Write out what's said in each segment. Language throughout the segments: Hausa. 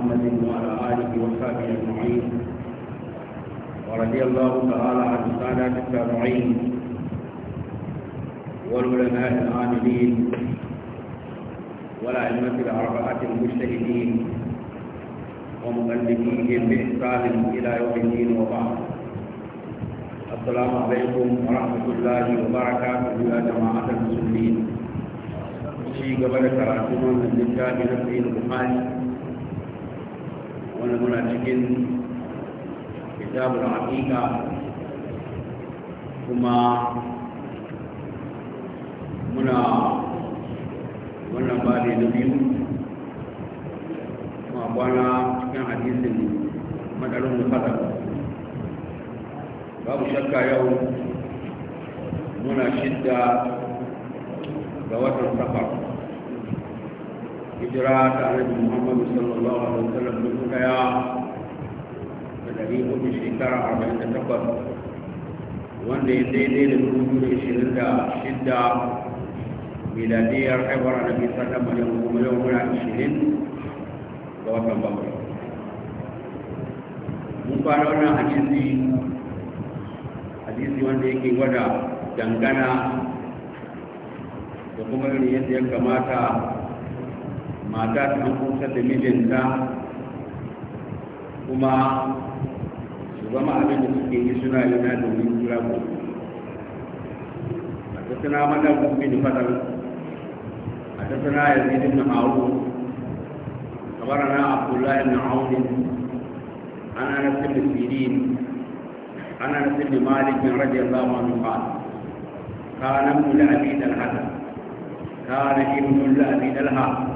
محمد وعلى آله وصحبه أجمعين ورضي الله تعالى عن سادة التابعين والعلماء العاملين والأئمة الأربعة المجتهدين ومؤلفيهم بإحسان إلى يوم الدين وبعد السلام عليكم ورحمة الله وبركاته يا جماعة المسلمين شيء قبل تراكم من الكتاب نفسه البخاري wani muna cikin kitabun hakika kuma muna wannan bade na biyu kuma kwana cikin hadisin madarin mufadar babu shakka yau muna shidda ga watan safar hijira ta annabi muhammadu sallallahu alaihi wasallam duk daya da dari hudu shekara arba'in da takwas wanda ya daidai da dubu biyu da ishirin da shidda miladiyar haihuwar annabi sallallahu alaihi wasallam yau muna ishirin ga watan bakwai mun fara wannan hadisi hadisi wanda yake gwada dangana da kuma yadda ya kamata mata ta hukuntar da mijinta kuma su zama abin da suke yi suna yi na domin kula ku a tattana mana gumbi da fadar a suna ya zai dinna ma'aru kabarana abdullahi na audin ana nasir da sirin ana nasir da malikin rajin zama nufat kanan mu da abin alhassan كان ابن الأبي دلها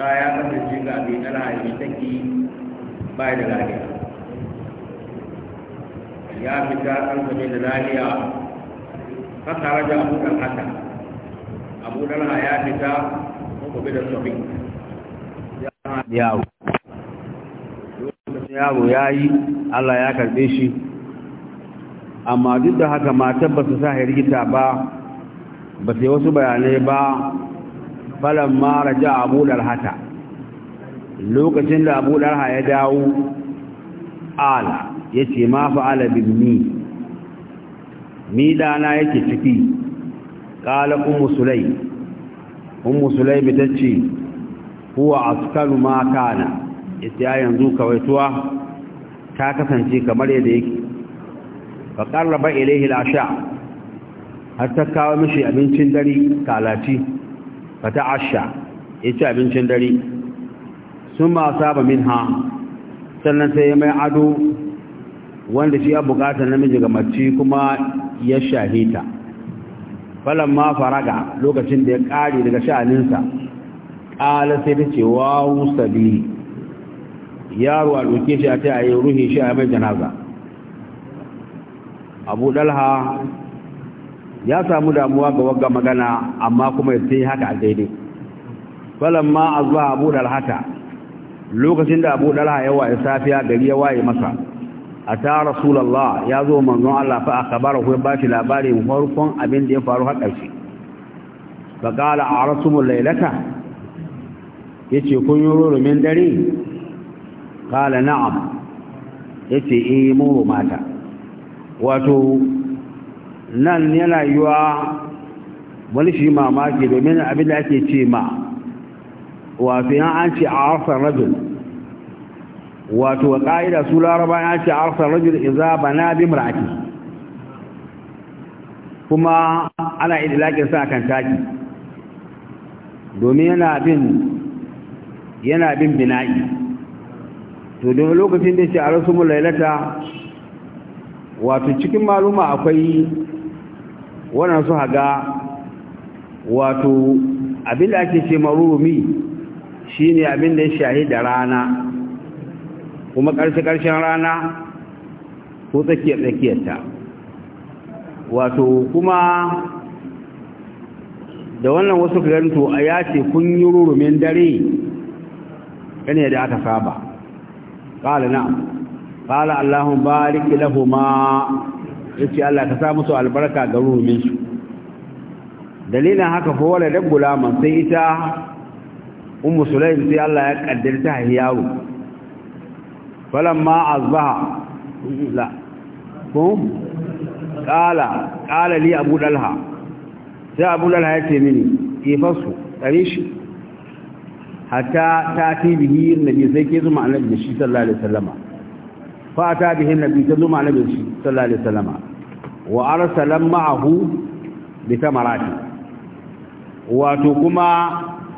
ta ya shi ga abin talha ta take bai da lafiya ya fita an zame da lafiya ta raja da dan haka abu talha ya fita ko bi da sabi yawo yaro ya yi Allah ya karbe shi amma duk da haka matar ba su sa hirgita ba ba sai wasu bayanai ba falan ma raja abu hata. lokacin da abu ya dawo ala ya ce ma fa'ala binni ni dana yake ciki ƙala umu sulai umu sulai bi ta ce huwa askaru ma kana ya yanzu kawaituwa ta kasance kamar yadda yake fa qarraba ilayhi al-asha ta kawo mishi abincin dare kalaci fata asha ya ci abincin dare sun ma saba min ha sannan sai ya mai ado wanda shi ya bukatar namiji ga mace kuma ya shahita falon ma faraga lokacin da ya ƙare daga sha'aninsa ƙala sai ta ce wawu biyu. yaro a ɗauke shi a ta yi ruhi shi a mai janaza abu ɗalha ya samu damuwa ga wagga magana amma kuma ya sai haka a daidai falamma azwa abu dalhata lokacin da abu dalha ya safiya gari ya waye masa ata rasulullah ya zo manzon Allah fa ko ba shi labarin farkon abin da ya faru har ƙarshe fa qala arasumul laylata yace kun yi rurumin dare qala na'am yace eh mu mata wato nan yana yiwa wani shi mamaki domin abin da ake ce ma wato yan an ce a arsar rajul wato wa ƙa'ida su laraba yan ce a arsar rajul iza bana bi mura'ati kuma ana idilakin sa kan taki domin yana bin yana bin bina'i to domin lokacin da ce a rasu mulailata wato cikin maluma akwai wannan su haga wato abinda ake ce marumi shine abinda ya shahi da rana kuma ƙarshe ƙarshen rana ko tsakiyar tsakiyarta wato kuma da wannan wasu karanto a ya ce kun yi rurumin dare yana da aka saba ƙala na ƙala allahun barik lahuma yace Allah ka sa musu albarka ga rumin su dalilin haka ko wala da gulama sai ita ummu sulaim sai Allah ya kaddarta yaro falamma azbaha la ko qala qala li abu dalha sai abu dalha yace mini ifasu tarishi hatta tati bihi annabi sai ke zuma annabi shi sallallahu alaihi wasallama fa ta bihi annabi ta zuma annabi shi sallallahu alaihi wasallama wa arsalan ma'ahu bi tamarati wato kuma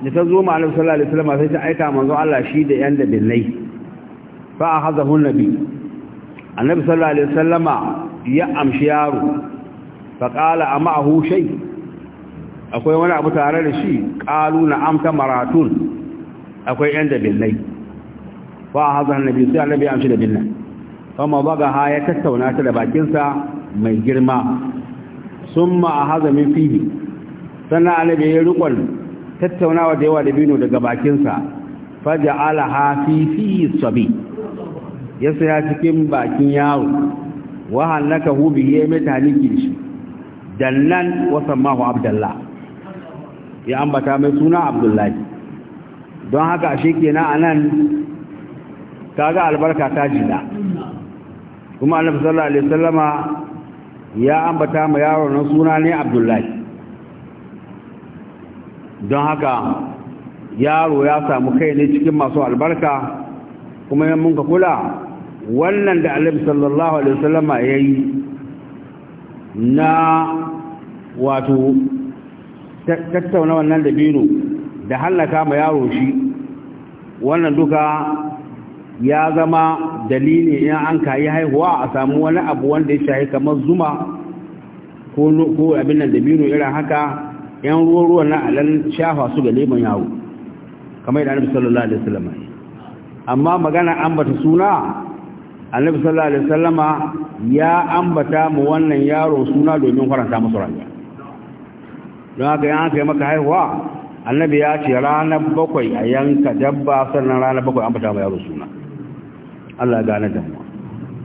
da ta zo ma Annabi sallallahu alaihi wasallam sai ta aika manzo Allah shi da yan da billai fa ahadahu annabi Annabi sallallahu alaihi wasallam ya amshi yaro fa qala ma'ahu shay akwai wani abu tare da shi qalu am tamaratun akwai yan da billai fa ahadahu annabi sai Annabi ya amshi da billai fa ma baga ha ya tattauna ta da bakinsa mai girma summa a hazamin fili, sannan annabi ya rikon tattaunawa da yawa da bino daga bakinsa faja alaha fi sabi ya saya cikin bakin yaro na ka hu ya yi taliki shi dannan wasan mahu abdullah ya ambata mai suna abdullahi don haka ashe kenan anan kaga albarka ta jida kuma annabi sallallahu ya ambata ma yaro na suna ne abdullahi don haka yaro ya samu kai ne cikin masu albarka kuma yan munka kula wannan da alim sallallahu alaihi wasallama ya yi na wato tattauna wannan da da hallaka ma yaro shi wannan duka ya zama dalili in an kayi haihuwa a samu wani abu wanda ya shahi kamar zuma ko abin nan dabino irin haka yan ruwa-ruwa na alal shafa su ga leman yawo kamar yadda annabi sallallahu alaihi wasallam amma magana ambata suna annabi sallallahu alaihi wasallam ya ambata mu wannan yaro suna domin faranta masa rayuwa don haka yan kai maka haihuwa annabi ya ce ranar bakwai a yanka dabba sannan ranar bakwai ambata mu yaro suna Allah gane da mu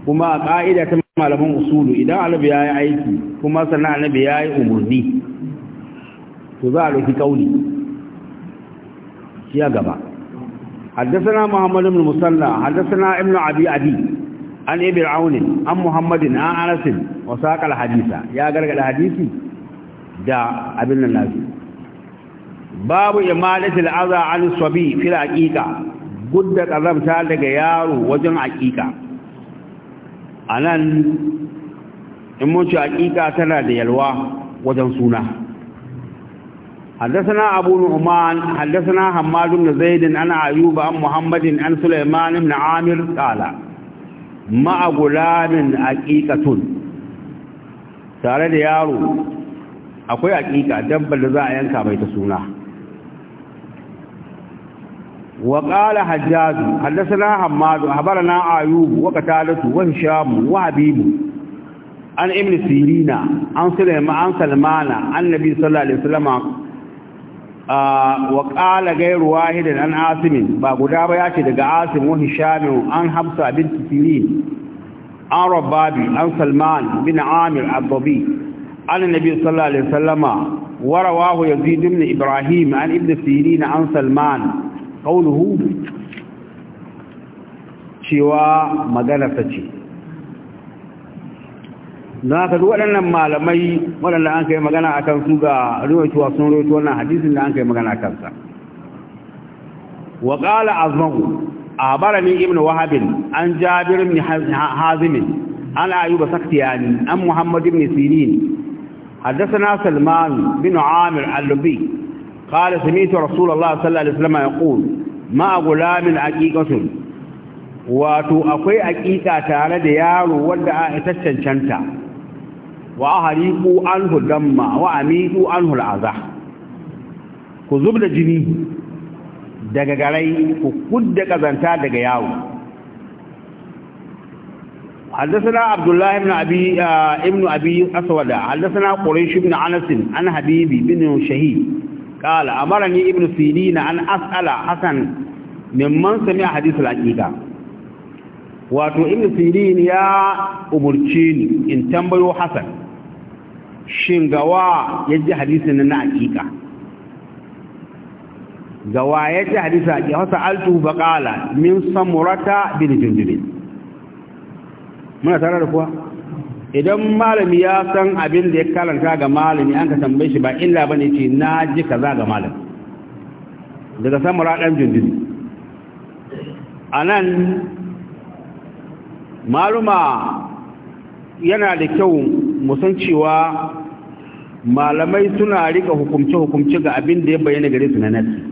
kuma a ƙa'ida ta malaman usulu idan annabi ya yi aiki kuma sannan annabi ya yi umarni to za a ɗauki kauli shi ya gaba حدثنا محمد بن مسلى حدثنا ابن ابي ابي عن ابي عون عن محمد عن انس وساق الحديث يا غرغل حديثي دا ابن الناس باب اماله الاذى عن الصبي في الحقيقه gudda ƙazamta daga yaro wajen aƙiƙa a nan in ci aƙiƙa tana da yalwa wajen suna haddasa na abu nu'man haddasa na hamadu na zaidin ana ayuba an muhammadin an sulaimanin na amir tsala ma'agulamin aƙiƙatun tare da yaro akwai aƙiƙa dabbar da za a yanka mai ta suna وقال حجاج حدثنا حماد أخبرنا أيوب وقتالة وهشام وحبيب عن ابن سيرين عن سليمان عن سلمان عن النبي صلى الله عليه وسلم آه وقال غير واحد عن عاصم باغدا ياتي daga عاصم وهشام عن حفصة بنت سيرين عن ربابي عن سلمان بن عامر الضبي عن النبي صلى الله عليه وسلم ورواه يزيد بن إبراهيم عن ابن سيرين عن سلمان qawluhu cewa magana ce na ka duk waɗannan malamai waɗanda an kai magana a kan su ga ruwaituwa sun ruwaitu wannan hadisin da an kai magana a kansa wa ƙala azmahu a barani ibn wahabin an jabir ibn hazimin an ayuba saktiyani an muhammad ibn sirin حدثنا سلمان بن عامر اللبي قال سميت رسول الله صلى الله عليه وسلم يقول ma'a gulamin aqiqatun wato akwai aƙiƙa tare da yaro wadda a ita cancanta wa ahriqu anhu damma wa amidu anhu al'aza ku da jini daga garai ku kudda ƙazanta daga yawo حدثنا عبد الله بن ابي ابن ابي اسود حدثنا قريش بن انس عن حبيبي بن شهيد قال امرني ابن سيرين ان اسال حسن ممن سمع حديث الحقيقه wato ibn sirin ya umurce ni in tambayo hasan shin gawa yaji hadisin na hakika gawa yaji hadisin hakika wasa altu faqala min samurata bin jundub muna tare da kuwa idan malami ya san abin da ya karanta ga malami an ka tambaye shi ba illa bane ce na ji kaza ga malam daga samura dan A anan maluma yana da kyau musan cewa malamai suna rika hukumce-hukumce ga abin da ya bayyana gare su na nasi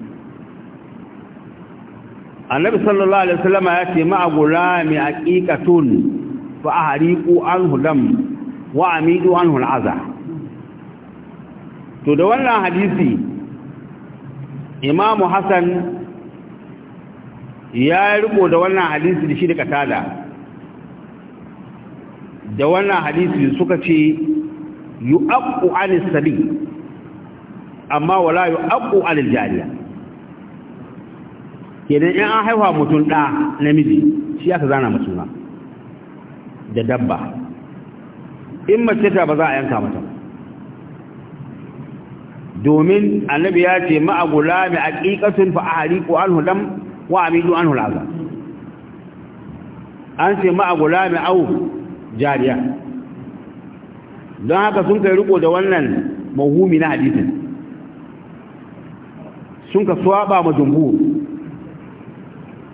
annabi sallallahu alaihi wasallama ya ce ma'a gulami aqiqatun fa an anhu wa amidu an hul’aza. to da wannan hadisi Imam Hassan ya riko da wannan hadisi da shi da katada da wannan hadisi suka ce yu'aqqu 'anil sabi amma wala yu'aqqu 'anil jariya kenan in an haifa mutum ɗa namiji shi ya ka zana na. da dabba in mace ta ba za a yanka mata domin annabi ya ce ma'a gulami aqiqatun fa ahriqu anhu dam wa amidu anhu al'aza an ce ma'a gulami au jariya don haka sun kai riko da wannan mahumi na hadisin sun ka swaba ma jumhur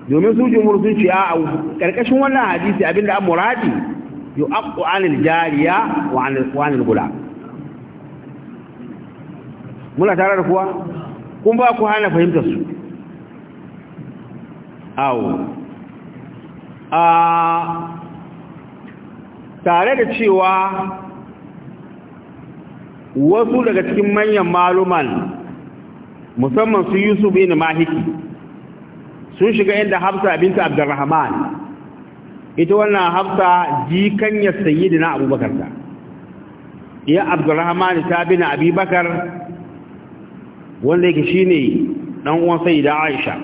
domin su jumhur sun ce a karkashin wannan hadisi abinda an muradi yu'aqqu 'anil jariya wa 'anil wa 'anil muna tare da kuwa kun ba ku hana fahimtar su awo a tare da cewa wasu daga cikin manyan maluman musamman su yusuf bin mahiki sun shiga inda hafsa binta abdurrahman ita wannan hafsa jikanyar sayyidina abubakar ta ya abdurrahman ta bin abubakar wanda yake shine dan uwan sayyida aisha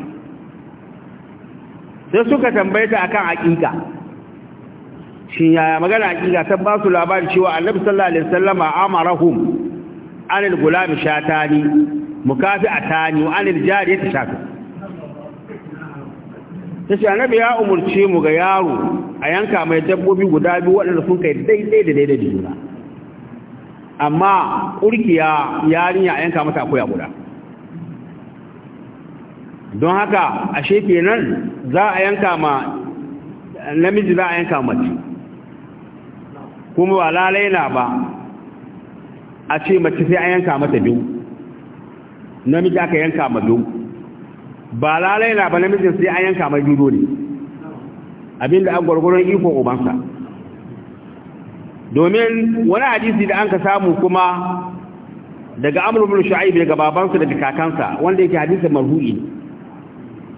sai suka tambaye ta akan hakika shin yaya magana hakika ta ba su labari cewa annabi sallallahu alaihi wasallama amarahum anil gulam shatani mukafi atani wa anil jariyati shatani ta ce annabi ya umurce mu ga yaro a yanka mai dabbobi guda biyu waɗanda sun kai daidai da daidai da juna amma ƙurkiya yarinya a yanka mata akuya guda don haka ashe kenan za a yanka ma namiji za a yanka mace kuma ba lalai na ba a ce mace sai a yanka mata biyu namiji aka yanka ma biyu ba lalai na ba namijin sai an yanka mai dudu ne abinda an gwargwaron iko ubansa domin wani hadisi da an ka samu kuma daga amurbin sha'ib daga babansa daga kakansa wanda yake hadisar marhu'i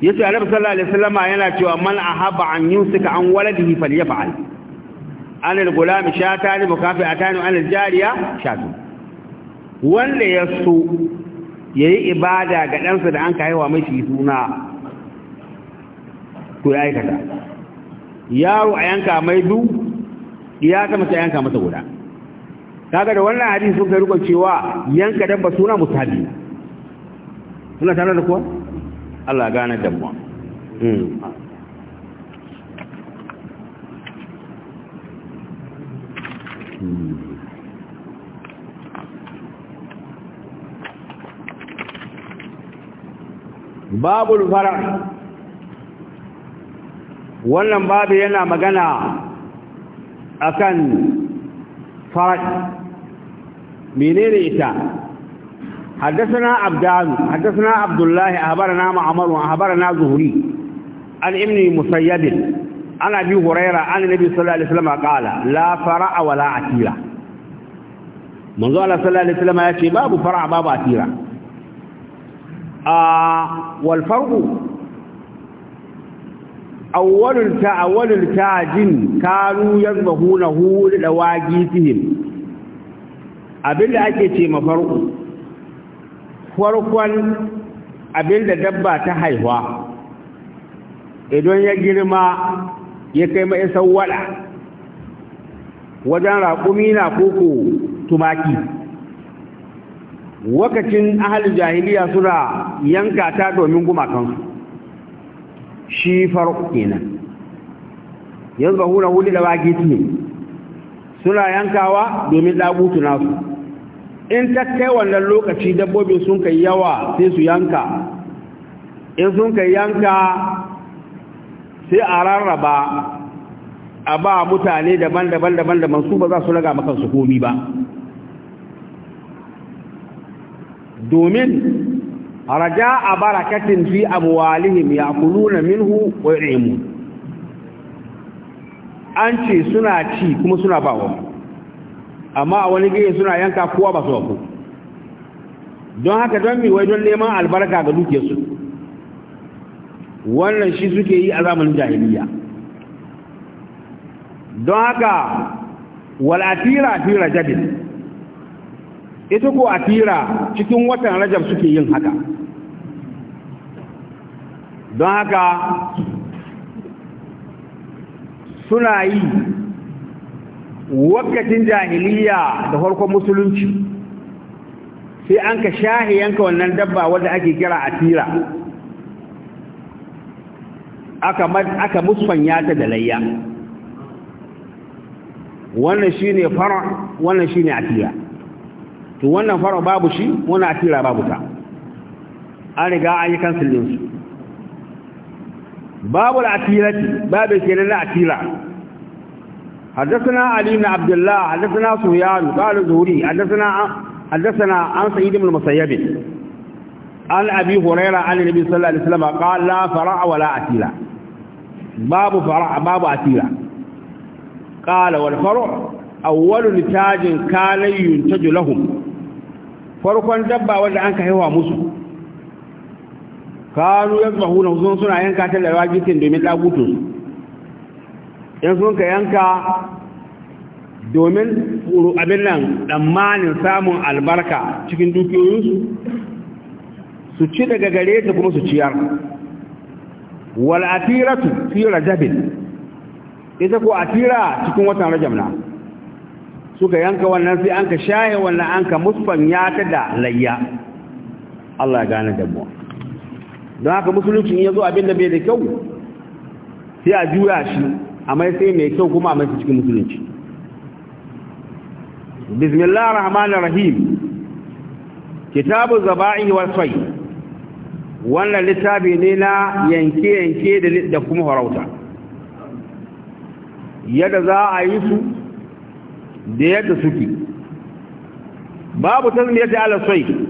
ya ce alif sallallahu alaihi wasallam yana cewa man haba an suka an waladihi falyaf'al an al-gulam shatani mukafi'atan an al-jariya shatu wanda ya so ya yi ibada ga ɗansa da an ka haihuwa mashi suna ko ya aikata yaro a yanka mai du ya ta mace yanka masa guda kaga da wannan hadisi sun kai rukun cewa yanka dabba suna musabi suna tare da kuwa Allah gane damuwa hmm. babul fara wannan باب ينا magana akan فرع menene ita حدثنا عبدان حدثنا عبد الله أخبرنا معمر وأخبرنا زهري عن ابن مسيد عن أبي هريرة عن النبي صلى الله عليه وسلم قال لا فرع ولا عتيرة من الله صلى الله عليه وسلم يأتي باب فرع باب عتيرة wal farqu awwalul ta awwalul tajin kanu yazbahunahu da wagitihim abinda ake ce mafarku farkon abinda dabba ta haihuwa idan ya girma ya kai mai sawwala wajen raƙumi na koko tumaki wakacin ahalin jahiliya suna yanka ta domin gumakansu shi farko kenan yanzu ba hura huli da waki ne suna yankawa domin ɗagutu nasu in ta kai wannan lokaci dabbobin sun kai yawa sai su yanka in sun kai yanka sai a rarraba a ba mutane daban-daban daban-daban su ba za su raga makansu komi ba domin Haraja raja'a barakatin fi amwalihim ya'kuluna minhu wa yut'imun an ce suna ci kuma suna bawa amma a wani gefe suna yanka kowa ba su wako don haka don mi don neman albarka ga dukiyarsu wannan shi suke yi a zamanin jahiliya don haka wal atira fi rajabin ita ko atira cikin watan rajab suke yin haka don haka suna yi wakacin jahiliya da farkon musulunci sai an ka shahi yanka wannan dabba wadda ake kira atira aka aka musfanya ta da layya wannan ne fara wannan shi ne atira to wannan fara babu shi wannan atira babu ta an riga an yi kansilin su babu al'atirati babu kenan na atira حدثنا علي بن عبد الله حدثنا سفيان قال الزهري حدثنا حدثنا عن سعيد بن المسيب عن ابي هريره عن النبي صلى الله عليه وسلم قال لا فرع ولا اتيلا باب فرع باب اتيلا قال والفرع اول نتاج كان ينتج لهم فرقان دبا wanda an kaiwa musu kanu ya zubahu hunan huzun suna yanka ta da rajitin domin ɗagutun yan sun ka yanka domin abin nan tsammanin samun albarka cikin dukiyoyinsu su ci daga gare ta kuma su ciyar su fi rajabin ita ko atira cikin watan su suka yanka wannan sai an ka shaye wannan an ka musfan ya ta da layya Allah ya gane damuwa don haka musulunci ya zo abin da bai da kyau sai a juya shi a mai sai mai kyau kuma a mai cikin musulunci bismillah rahman rahim kitabu zaba'i wa sai wannan littafi ne na yanke-yanke da kuma farauta yadda za a yi su da yadda suke babu tasmiyar da alasai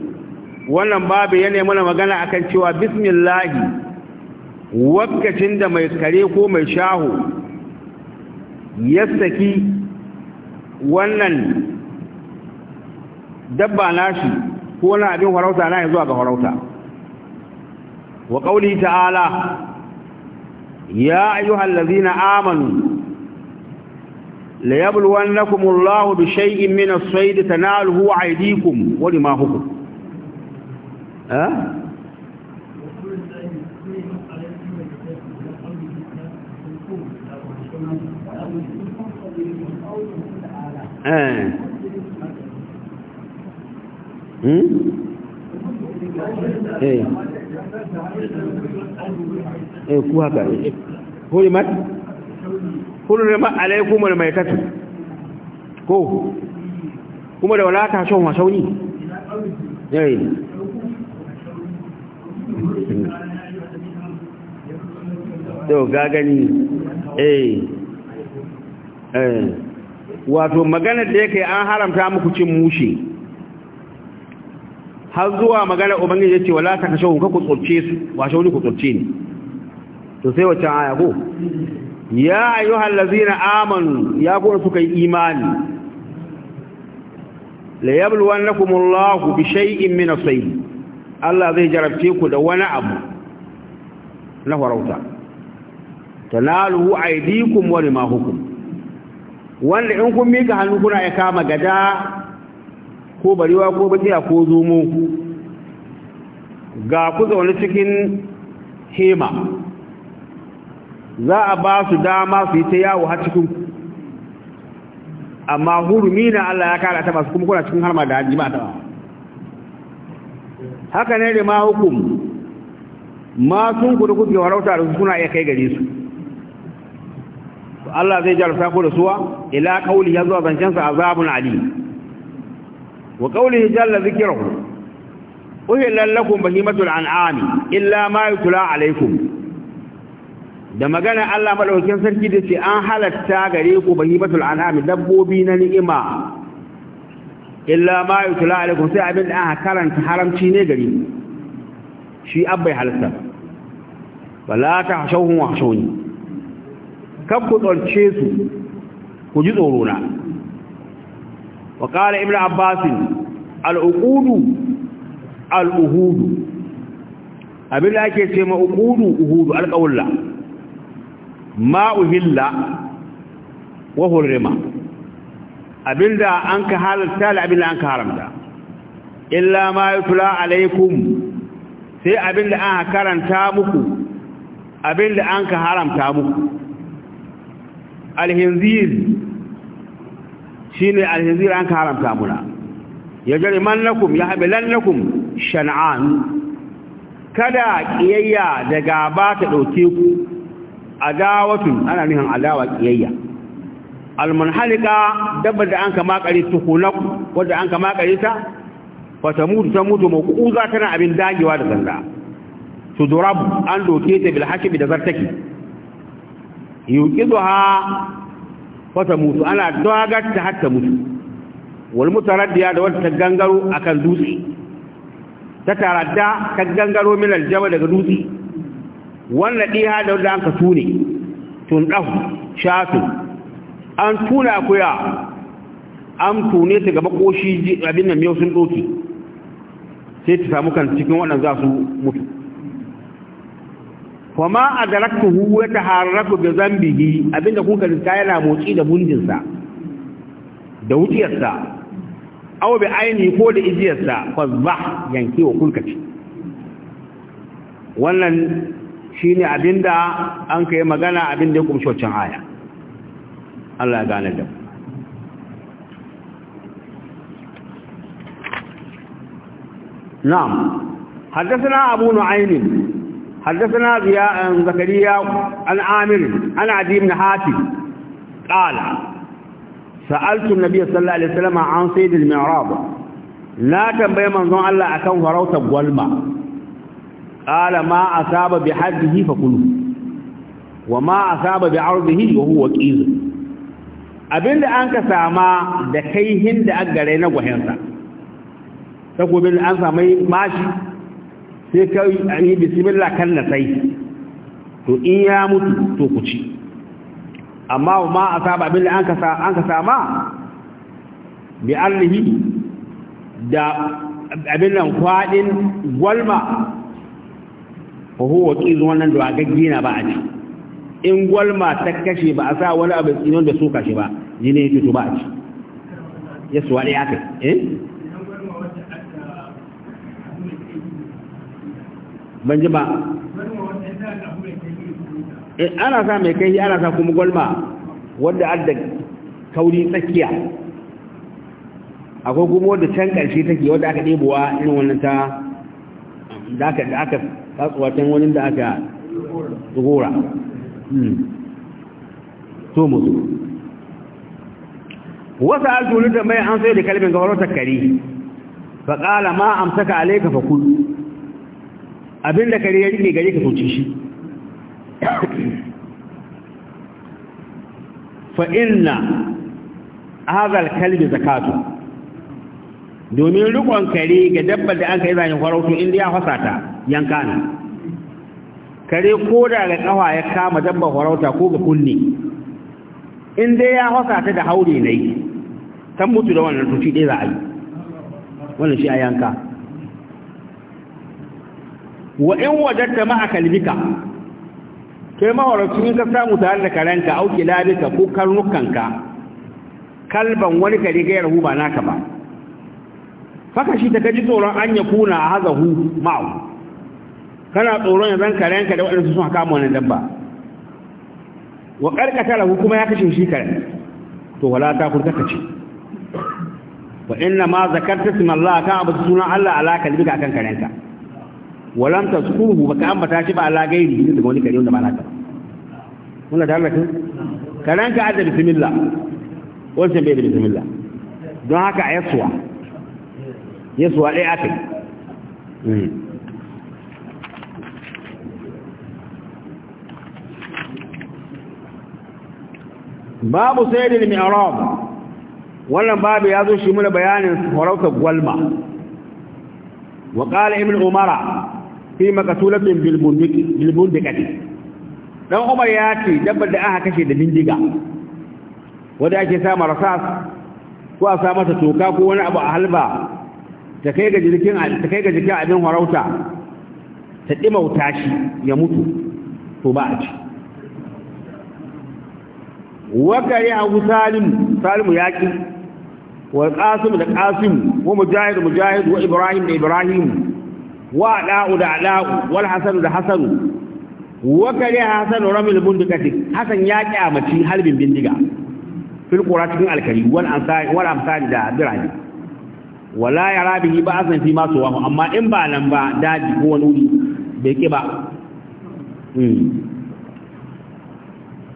wannan babu yana mana magana akan cewa bismillahi wakacin da mai kare ko mai shaho ya saki wannan dabba nashi ko na abin farauta na zuwa ga farauta wa ƙauli ta'ala ya ayyuhal ladzina amanu la yabluwannakum Allahu bi shay'in min as-sayd tanaluhu aydikum wa rimahukum Eh. Hmm? Eh. eh ku haka ne ko kuma da wala ta shon wa shauni yayin eh. yau gagani eh eh wato magana da yake an haramta muku cin mushi har zuwa magana ubangiji yace wala ta kashe ku ku tsorce su washe wani ku tsorce ni to sai wacce aya ko ya ayuha allazina amanu ya ku suka yi imani la yabluwannakumullahu bi shay'in min as-sayd Allah zai jarabce ku da wani abu na warauta tanaluhu aydikum wa rimahukum wanda in kun mika hannu kuna ya kama gada ko barewa ko bakiya ko zumo ga ku zaune cikin hema za a ba su dama su yi ta yawo har cikin amma hurumi na Allah ya kara ta masu kuma kuna cikin harma da hajji ba ta haka ne da ma hukum ma sun kudu kuke warauta da su suna iya kai gare su Allah zai jarabta ku da suwa ila kauli ya zuwa zancensa azabun ali wa kaulihi jalla zikirahu uhillan lakum bahimatul an'ami illa ma yutla alaikum da magana Allah madaukakin sarki da ce an halatta gare ku bahimatul an'ami dabbobi na ni'ima illa ma yutla alaikum sai abin da aka karanta haramci ne gare shi abbai halatta wala ta hashawhum wa hashawni kan ku tsorce su ku ji tsorona wa ƙara ibn abbasin al'ukudu al'uhudu abin da ake ce ma'ukudu uhudu alƙawulla ma'uhilla wa hurrima abin da an ka halarta da abin da an ka haramta illa ma yi tula alaikum sai abin da an karanta muku abin da an ka haramta muku alhinzir shine alhinzir an haramta muna ya jariman lakum ya habilan lakum shan'an kada ƙiyayya da gaba ta ɗauke ku adawatun ana nihin adawa ƙiyayya. almunhalika dabba da an kama ƙari tukulak wadda an kama ƙari ta wata mutu ta mutu makuza tana abin dagewa da sanda su durabu an doke ta bilhashi da zartaki yuqiduha fata mutu ana dogarta har mutu wal mutaraddiya da wata gangaro akan dutse ta taradda ta gangaro min aljaba daga dutse wannan diha da wanda aka tune tun dahu shafin an tuna akuya an tune ta gaba koshi abin nan yau sun doki sai ta samu kan cikin waɗanda za su mutu wa ma adraktuhu wa taharraku bi zambihi abinda kuka riska yana motsi da bundinsa da wuciyarsa aw bi aini ko da ijiyarsa fazbah yanki wa kulka ci wannan shine abinda an kai magana abinda ya kumshi aya Allah ya gane da na'am حدثنا أبو نعيم حدثنا زكريا عن عامر عن عدي بن حاتم قال سألت النبي صلى الله عليه وسلم عن سيد المعراض لا تنبي منظوم الله أكون فروت بولما قال ما أصاب بحده فكله وما أصاب بعرضه وهو كيز abinda an ka sama da kaihin da an gare na gwahensa takobin an samai mashi sai ka yi an yi bismillah kan na sai to in ya mutu to ku ci amma ma a saba abin da an ka sama bi allihi da abin nan kwaɗin gwalma ko huwa ƙizu wannan da gaggi na ba a ci in gwalma ta kashe ba a sa wani abin tsinon da suka kashe ba jini ya fito ba a ci ya suwa ya kai eh ban ji ba eh, ana sa mai kai ana sa kuma gwalma wadda adda kauri tsakiya akwai kuma wadda can ƙarshe take wadda aka ɗebowa irin wannan ta da aka da aka tatsuwa can wani da aka tsogora so hmm. musu wasu aljulu da mai an sai da kalbin gawarar takari faƙala ma amsaka alaika fa kullu abin da kare ya rike gare ka soce shi fa inna kalbi zakatu domin rikon kare ga dabbar da an kai zanen farautu inda ya fasata yanka ne kare ko da ga kafa ya kama dabbar farauta ko ga kunne inda ya fasata da haure ne tan mutu da wannan tuci ɗaya za a yi wannan shi a yanka wa in wajatta ma kalbika kai mawarci in ka samu tare da karanka auki kilabika ko karnukanka kalban wani kare gayar hu ba naka ba faka shi ta kaji tsoron an ya kuna a haza hu ma'u kana tsoron ya zan karenka da waɗansu sun haka wannan dabba wa karkata lahu kuma ya kashe shi karen to wala ta kurta kace wa inna ma zakarta sima Allah kan abu suna Allah ala kalbika akan karenka walam taskuhu baka ambata shi ba ala gairi ne daga wani kare wanda ba naka muna da Allah karan ka adda bismillah wancan bai da bismillah don haka a yaswa yaswa dai akai hmm. babu sayyidil mi'rab wannan babu ya zo shi mana bayanin farauta gwalma وقال ابن عمر fi maqatulatin bil bundik bil bundikati dan Umar ya ce dabbar da aka kashe da bindiga wanda ake sa marasas ko a sa toka ko wani abu a halba ta kai ga jikin abin harauta ta dimauta shi ya mutu to abu salim salimu wa da ibrahim da ibrahim wa da'u da da'u wal hasanu da hasanu wa kare hasanu ramil bindikati hasan ya kyamaci harbin bindiga fil qura alkari wal ansari wal amsari da birane wala yara ba ba'san fi ma amma in ba nan ba daji ko wani wuri ba hmm.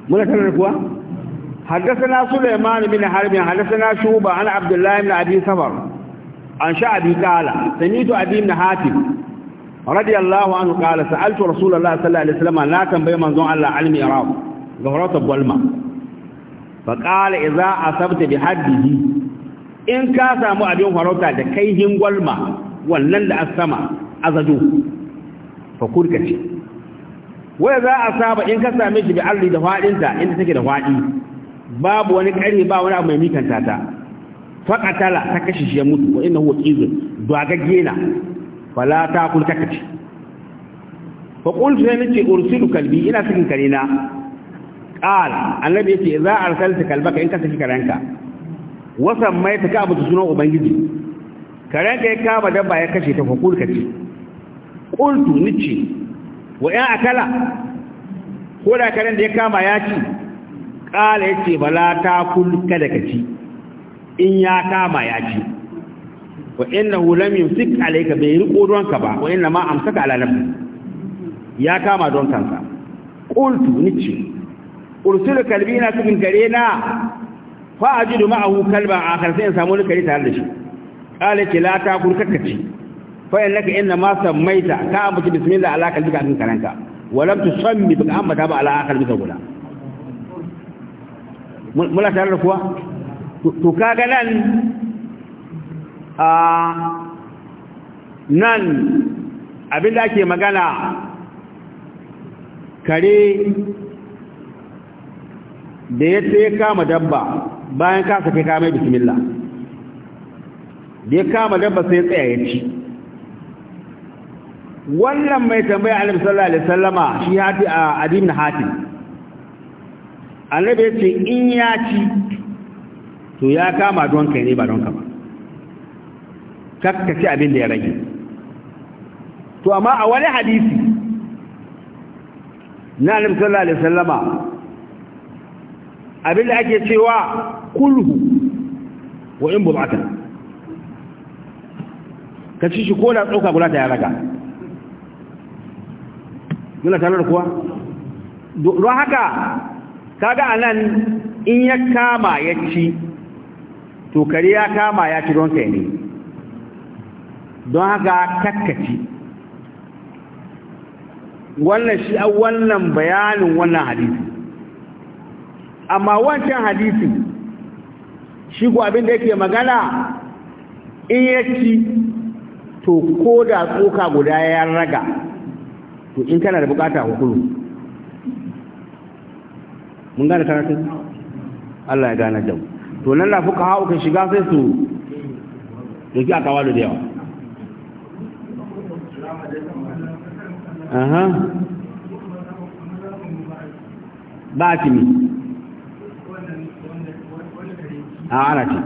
muna kuwa حدثنا سليمان بن حرب حدثنا شوبة عن عبد الله بن أبي سفر عن شعبي قال سميت أبي بن حاتم radiyallahu anhu qala sa'altu rasulullahi sallallahu alaihi wasallam na tambaye manzon Allah almi iraq gafarata bulma fa qala idza asabta bi haddihi in ka samu abin farauta da kai hingwalma wannan da asama azaju fa kurkace za a saba in ka same shi da arli da fadinta inda take da fadi babu wani kare ba wani abu mai mikanta ta faqatala ta shi ya mutu wa na fala ta kul takati fa qultu ya nace ursilu kalbi ina cikin kare na qal annabi yace za arsalta kalbaka in ka saki karenka wa sammaita ka abu sunan ubangiji karenka ya kama dabba ya kashe ta fa kul qultu nace wa ya akala ko da karen da ya kama ya ci qala yace bala ta kul kada ka ci in ya kama ya ci wa innahu lam yumsik alayka bai riko donka ba wa inna ma amsaka ala nafsi ya kama don kansa qultu nice ursilu kalbi na cikin kare na fa ajidu ma'ahu kalban akhar sai in samu wani kare tare da shi qala ki la ta kur kakkaci fa innaka inna ma sammaita ka ambaci bismillah ala kalbika akan karanka wa lam tusammi bika ambata ba ala kalbika guda mula tare da kuwa to kaga nan a nan da ake magana kare da ya ce kama dabba bayan ka sake kame bismillah da ya kama dabba sai ya tsaya ya ci wannan mai tambaya annabi sallallahu alaihi sallama shi hati a adin na hati annabi ya ce in ya ci to ya kama don kai ne ba don kama. kakka ci abin da ya rage to amma a wani hadisi na annabi sallallahu alaihi wasallama abin da ake cewa kulhu wa in bubatan ka ci shi ko da tsoka guda ta ya raga muna ta da kuwa don haka kaga anan in ya kama ya ci to kari ya kama ya ci don kai ne don haka kakkaci wannan shi a wannan bayanin wannan hadisi amma wancan hadisi shi ku abin da yake magana in ya ci to ko da tsoka guda ya raga to in kana da bukata hukuru. mun gane karatun Allah ya gane da mu to nan hawo kan shiga sai su doki a kawo da yawa Ahan. ba ki a ana ce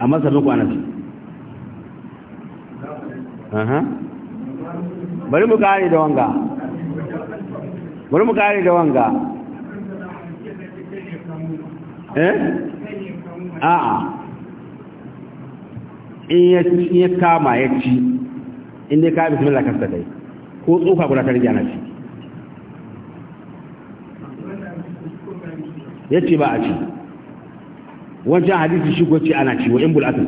a masarin ku ana ce aha bari mu kare da wanga bari mu kare da wanga eh a'a in ya kama ya ci inda dai ka bismillah kasta kai ko tsufa guda ta rigya na ci ya ce ba a ci wancan hadisi shi ko ana ci wa in bul'atun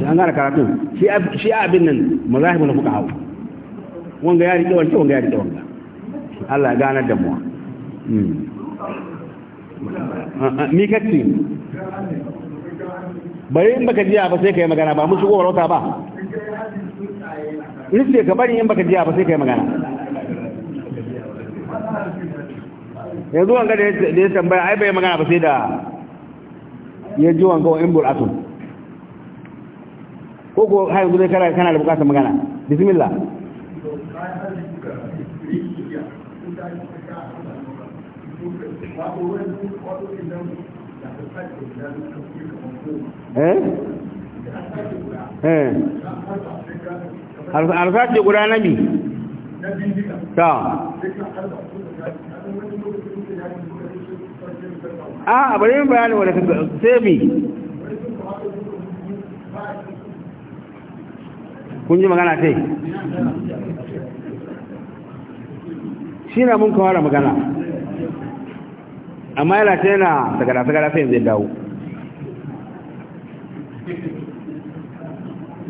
da an gara karatun shi a abin nan mazahibu na fuka hau wanga ya riƙe wanke wanga ya riƙe wanga Allah ya ganar da muwa hmm. ah, ah, mi kacci bari in baka jiya ba sai ka yi magana ba mu shigo wata ba rufe ka bari in baka jiya ba sai ka yi magana yanzu wanga da ya tambaya ai bai magana ba sai da ya ji wanga wa imbul atom ko ko har yanzu dai kana da bukatar magana bismillah eh eh harsa ce guda na ta a a bari yin bayani wadda ka sai kun ji magana sai shi na mun kawara magana amma yana ce na sagada-sagada sai zai dawo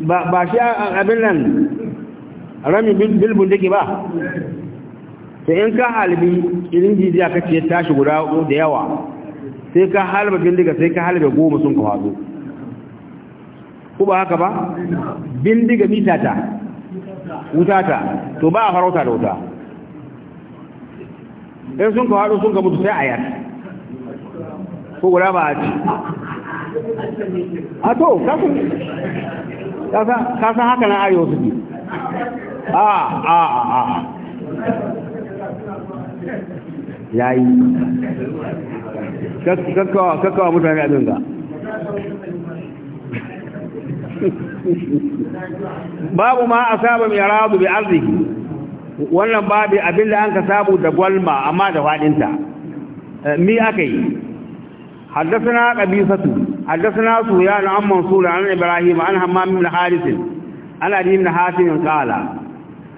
ba shi abin nan rami da ke ba sai in ka halbi irin jijiya ka ce tashi guda da yawa sai ka halba bindiga sai ka halbe goma sun ka faɗo ko ba haka ba bindiga mitata wutata to ba a farauta da wuta in sun ka faɗo sun ka mutu sai a yar ko guda ba a ci a to kasan haka na su suke Ah, ah, ah, yayi mutane babu ma a sabon yara bi arziki wannan babu abinda an ka sabu da gwalma amma da fadinta eh, mi aka yi haddasana ƙabisatu haddasana su ya na an mansura an ibrahim an hammam na harisun ana adi ibn hatimin ƙala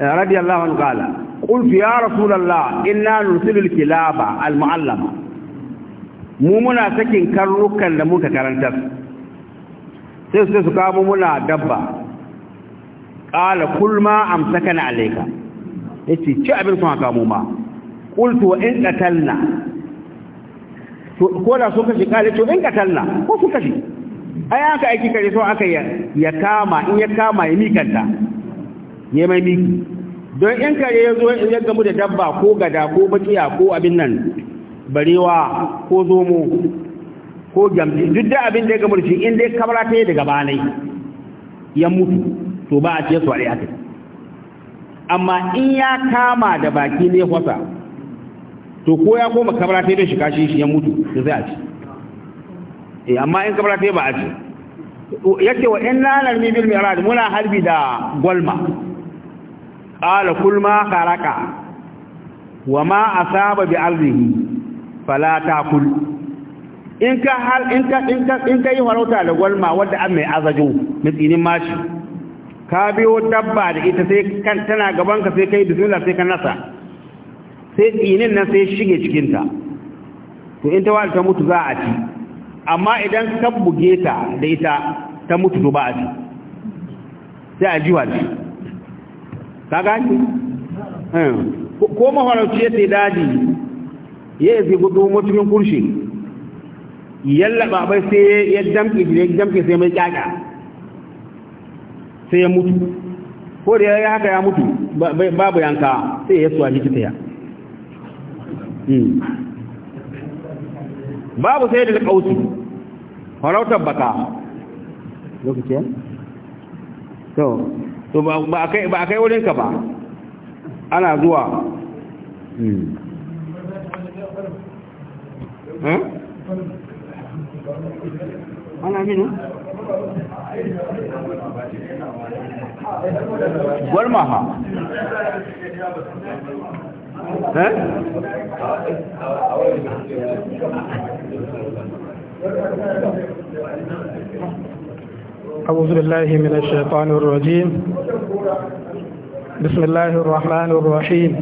رضي الله عنه قال قلت يا رسول الله إنا نرسل الكلاب المعلمة mu muna sakin karnukan da muka karantar sai su su kawo muna dabba ƙala kulma amsaka na alaika ya ce ci abin sun haka mu ƙultu wa in ƙatalna ko da sun kashe ƙala to in ko sun kashe aiki kare so aka ya kama in ya kama ya mikanta ne mai miki don in kare ya zo ya gamu da dabba ko gada ko bakiya ko abin nan barewa ko zomo ko gamji duk da abin da ya gamu da shi in dai kamara ta yi daga banai ya mutu to ba a ce su a aka amma in ya kama da baki ne wasa to ko ya koma kamara ta yi don shiga shi ya mutu da zai a ce eh amma in kamara ta yi ba a ce yake wa in lalar mibil mirad muna harbi da gwalma qala kul ma kharaka wa ma asaba bi ardihi fala taqul in ka hal in ka in ka in ka yi farauta da gwalma wadda an mai azajo mitsinin mashi ka biyo dabba da ita sai kan tana gaban ka sai kai bismillah sai ka nasa sai tsinin nan sai shige cikin ta to in ta wata ta mutu za a ci amma idan ka buge ta da ita ta mutu to ba a ci sai a ji wani ka gani eh. ko mafarauci ce sai daji ya yi gudu mutumin kurshi ba bai sai ya damke shi ya damke sai mai kyaka sai ya mutu ko da ya haka ya mutu babu yanka sai ya suwa likita ya hmm. babu sai da kausi farautar baka lokacin to to ba a kai ka ba ana zuwa hmm. eh? ana minu gwarma ha eh أعوذ بالله من الشيطان الرجيم بسم الله الرحمن الرحيم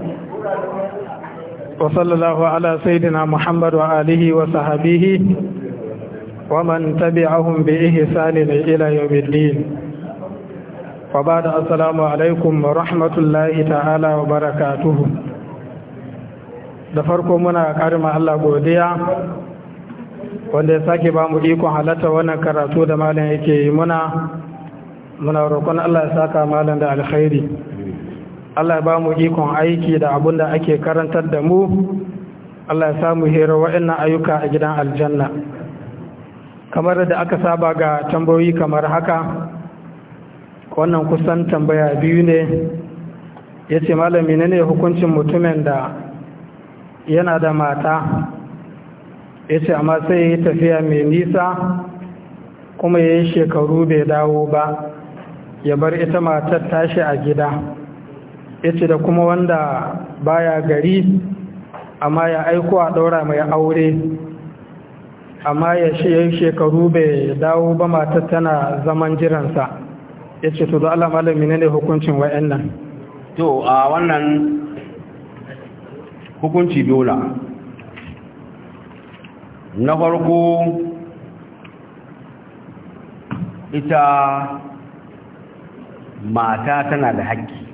وصلى الله على سيدنا محمد وآله وصحبه ومن تبعهم بإحسان إلى يوم الدين وبعد السلام عليكم ورحمة الله تعالى وبركاته da farko muna karima Allah godiya wanda ya sake ba mu ikon halatta wannan karatu da malam yake yi muna muna roƙon Allah ya saka malam da alkhairi Allah ya ba mu ikon aiki da abun da ake karantar da mu Allah ya samu hira wa'annan ayyuka a gidan aljanna kamar da aka saba ga tambayoyi kamar haka wannan kusan tambaya biyu ne Yace ce malami hukuncin mutumin da yana da mata ya ce amma sai ya yi tafiya mai nisa kuma ya yi shekaru bai dawo ba ya bar ita matar tashi a gida ya ce da kuma wanda baya gari amma ya aiko a ɗaura mai aure amma ya yi shekaru bai dawo ba matar tana zaman jiransa ya ce to da Allah malami ne hukuncin wa'annan to a wannan hukunci dola na farko ita mata tana da haƙƙi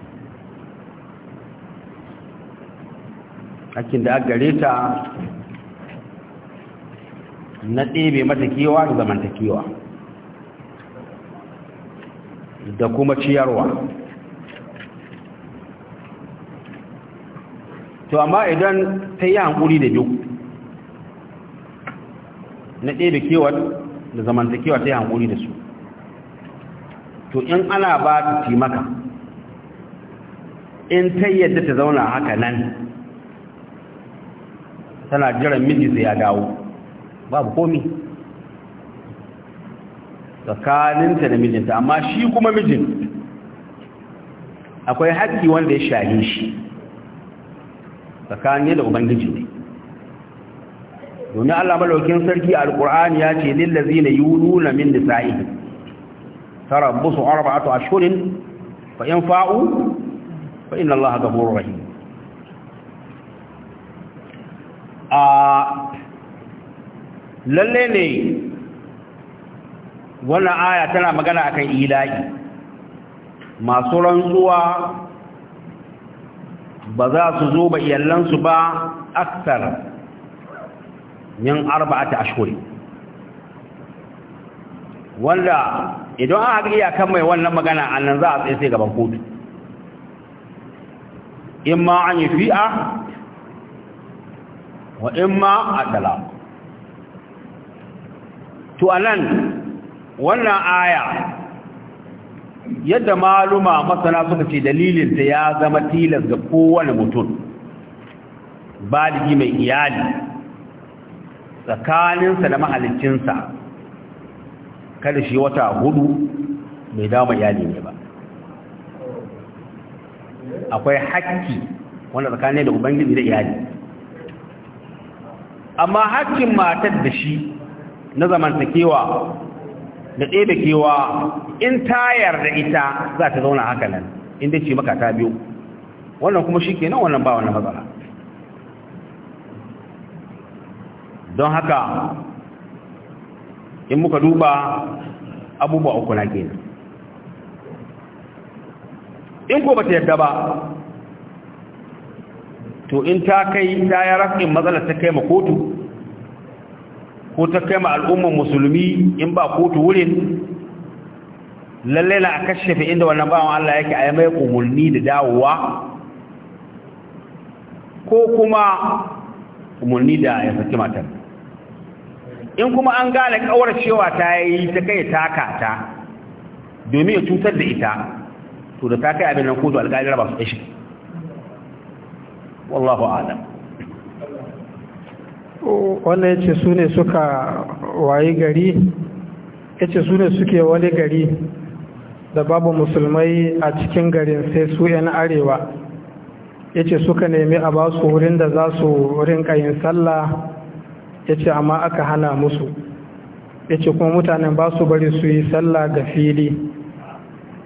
haƙƙin da aka gare ta na ɗebe mata kewa da zamantakewa da kuma ciyarwa to amma idan ta yi hankuri da duk na ɗaya da kewar da zamantakewa ta yi hankuri da su to in ana ba ta taimaka in ta yadda ta zauna haka nan tana jiran miji zai ya dawo babu komi tsakaninta da mijinta amma shi kuma mijin akwai haƙƙi wanda ya shahe shi tsakanin da ubangiji ne domin Allah malaukin sarki a Alƙur'ani ya ce na lillazina yuluna min nisa'ihi tarabbusu arba'atu a fa in fa'u fa inna Allaha ghafurur rahim a lalle ne wannan aya tana magana akan ilahi masu rantsuwa ba za su zo ba iyallansu ba aksar min arba'ati ashhuri wanda idan aka ga kan mai wannan magana annan za a tsaye gaban kotu imma an yi fi'a wa imma adala. to anan wannan aya yadda maluma masana suka ce dalilin ta ya zama tilas ga kowane mutum baligi mai iyali tsakaninsa da mahalicinsa kada shi wata hudu bai dawo iyali ne ba akwai haƙƙi wanda tsakanin da ubangiji da iyali amma haƙƙin matar da shi na zamantakewa da da kewa in tayar da ita za ta zauna haka nan inda ce maka ta biyu wannan kuma shi kenan wannan ba wannan matsala don haka in muka duba abubuwa uku na ke. in ko bata yadda ba to in ta kai ta yi rafin matsalar ta kai ma kotu ko ta kai ma al'umman musulmi in ba kotu wurin lallai na a kashefe inda wannan bawan Allah yake a yi mai umarni da dawowa ko kuma umarni da ya saki matar in kuma an gane kawar cewa ta yi ta kai taka ta domin ya cutar da ita to da ta kai abin nan kotu alƙalin raba su ɗashi wallahu adam wannan ya ce su ne suka wayi gari ya ce su ne suke wani gari da babu musulmai a cikin garin sai su 'yan arewa ya ce suka nemi a ba su wurin da za su rinka yin sallah ya ce amma aka hana musu ya ce kuma mutanen ba su bari su yi sallah ga fili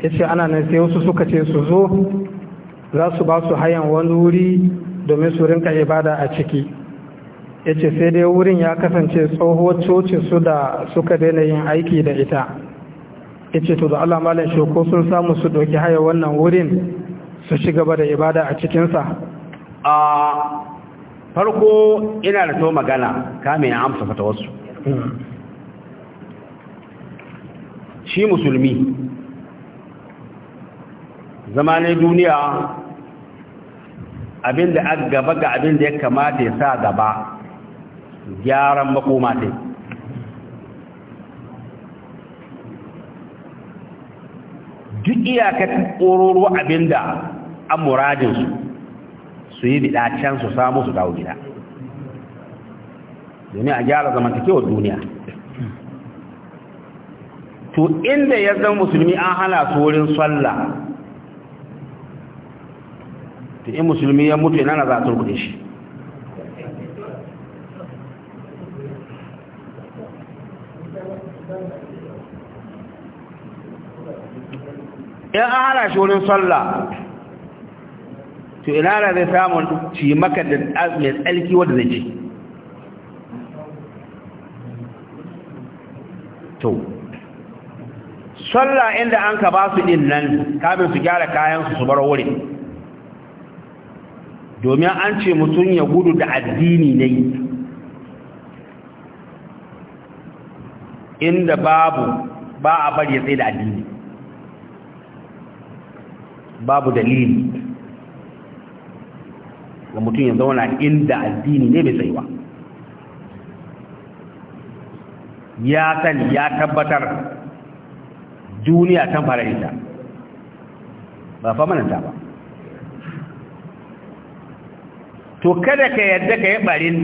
ya ce ana nan sai wasu suka ce su zo za su ba su hayan wani wuri domin su rinka ibada a ciki ya ce sai dai wurin ya kasance tsohuwar coci su da suka daina yin aiki da ita ya ce to da Allah malam ko sun samu su doki haya wannan wurin su ci gaba da ibada a cikinsa farko ina da to magana kame ya amsa fata wasu shi musulmi zamanin duniya abinda aka gaba ga abinda ya kamata ya sa gaba gyaran makoma ɗin duk iyakar ƙororo abinda an muradinsu su yi bida can su samu su dawo gida domin a gyara zamantakewar duniya to inda ya zan musulmi an hana su wurin sallah to in musulmi ya mutu yana za a turkuɗe shi in an hana shi wurin sallah to ina inana zai samun ci maka da mai tsalki wadda zai ci to sallah inda an ka ba su din nan kafin su gyara kayansu su bar wurin domin an ce mutum ya gudu da addini ne inda babu ba a bari ya tsaye da addini babu dalili ga mutum ya zauna inda addini ne bai ba? ya sani ya tabbatar duniya ta fara ita ba fa ta ba to kada ka yadda ka yi barin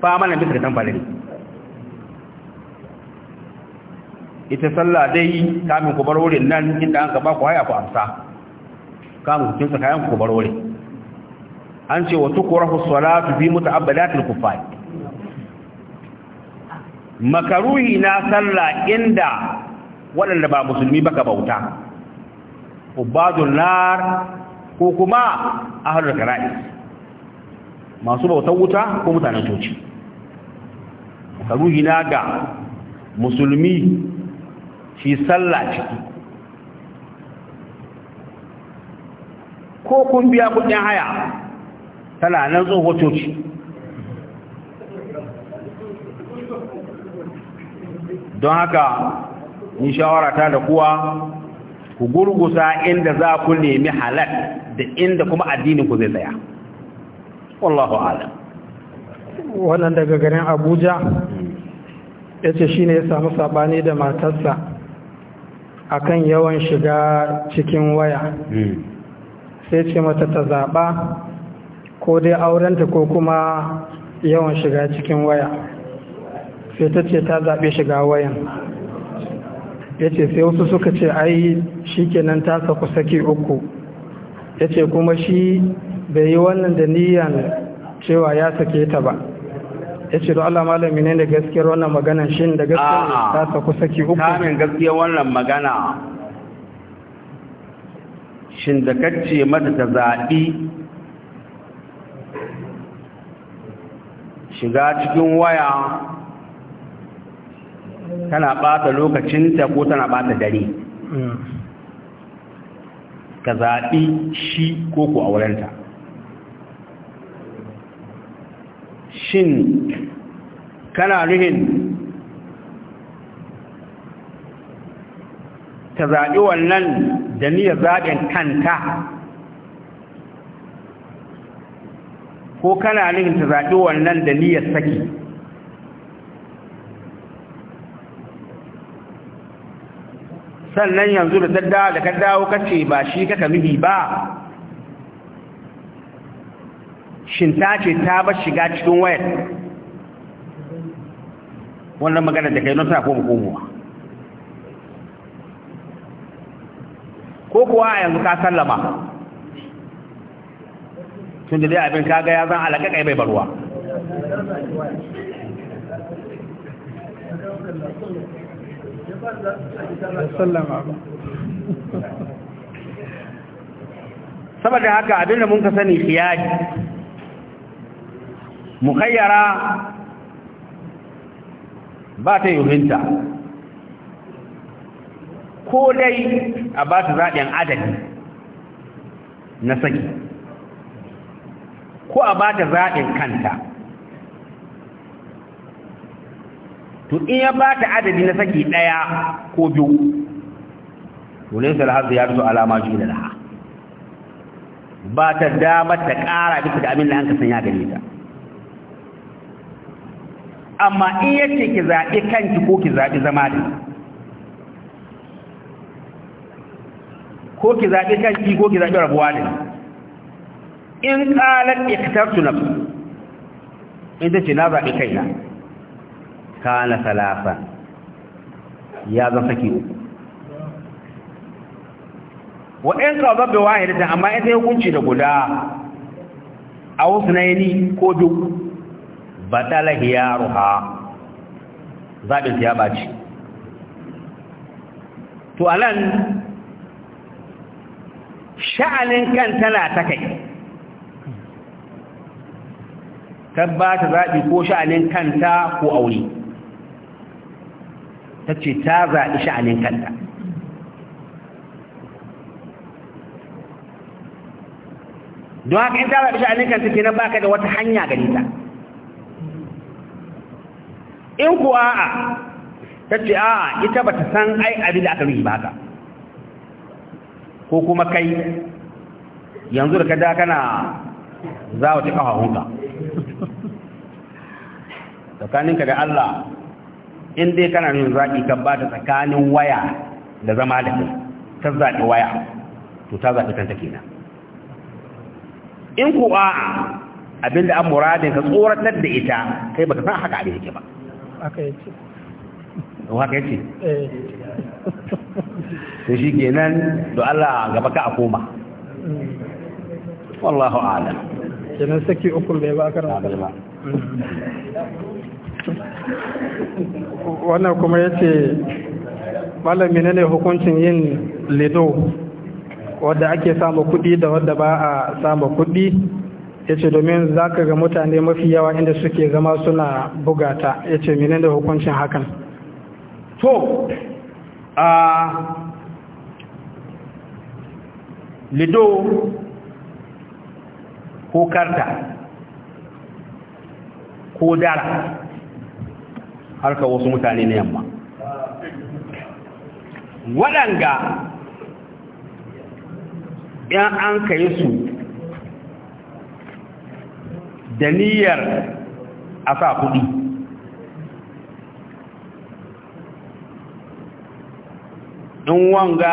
fa mana bisa tan fara ita sallah dai kamin ku wurin nan inda an ka ba ku haya ku amsa kamin ku kinsa kayan ku wurin an ce wa tukurahu salatu bi muta'abbadatil kufai makaruhi na sallah inda waɗanda ba musulmi baka bauta ubadul nar ko kuma ahlul kara'i masu bautar wuta ko mutanen coci makaruhi na ga musulmi shi sallah ciki ko kun biya kudin haya tana nan tsoho coci don haka in shawara ta da kuwa ku gurgusa inda za ku nemi halal da inda kuma addinin ku zai tsaya wallahu alam wannan daga garin abuja yace shine ya samu sabani da matarsa akan yawan shiga cikin waya hmm. sai ce mata ta zaɓa ko dai aurenta ko kuma yawan shiga cikin waya sai ta ce ta zaɓe shiga wayan ya ce sai wasu suka ce ai shi kenan ta saku sake uku ya ce kuma shi bai yi wannan da niyan cewa ya sake ta ba ya ce Allah malami ne da gaskiyar wannan magana shi da gaskiyar ta saku sake uku kamin gaskiyar wannan magana shin da kacce mata ta zaɓi shiga cikin waya tana bata lokacinta ko tana bata dare ka zaɓi shi ko ku aurenta shin kana nuhin ta zaɓi wannan da niyar zaɓin kanta ko kana nihin ta zaɓi wannan da niyyar saki sannan yanzu da daddawa da ka dawo kace ba shi kaka mihi ba shin ta ce ta ba shiga cikin wayar wannan magana da kai nuna ko hukumuwa ko kuwa yanzu ka sallama tun da dai abin kaga ya zan alaƙaƙa bai baruwa saboda haka abin da mun ka sani khiyari mukayyara ba ta yuhinta ko dai a ba ta zaɓin adadi na saki ko a ba ta zaɓin kanta to in ya ba ta adadi na saki ɗaya ko biyu to ne lahazu ya fito alama shi da laha ba ta damar ta ƙara bisa da abin da an kasan ya gani ta amma in yace ki zaɓi kanki ko ki zaɓi zama da ko ki zaɓi kanki ko ki zaɓi rabuwa da in qalat ikhtartu nafsi in ta ce na zaɓi kaina kana salafa ya zan saki uku wa in qadab bi wahidatan amma in sai hukunci da guda aw sunaini ko duk batala ruha zabin ya baci to alan sha'anin kan tana ta kai tabbata zaɓi ko sha'anin kanta ko aure ta ce ta zaɓi sha'anin kanta don haka in ta zaɓi sha'anin kanta ke nan baka da wata hanya gani ta in ku a'a ta ce a'a ita ba ta san ai abin da aka ruhi ba ka ko kuma kai yanzu da ka da kana za wata ƙafahunka tsakaninka da Allah in dai kana yin zaɓi kan ba ta tsakanin waya da zama da kai ta zaɓi waya to ta zaɓi kanta kenan in kuwa abinda an muradin ka tsoratar da ita kai ba ta san haka abin yake ba haka yace haka yace eh sai shikenan to Allah gaba ka a koma mm. wallahu ala. kenan saki uku da ba karanta ba mm. wannan kuma ya ce malami ne hukuncin yin lido wadda ake sama kudi da wadda ba a samu kudi ya ce domin za ka ga mutane mafi yawa inda suke zama suna bugata ya ce menene hukuncin hakan to a lido ko karta ko dara Harka wasu mutane na yamma waɗanga ‘yan an ka yi su da niyyar a sa kuɗi in wanga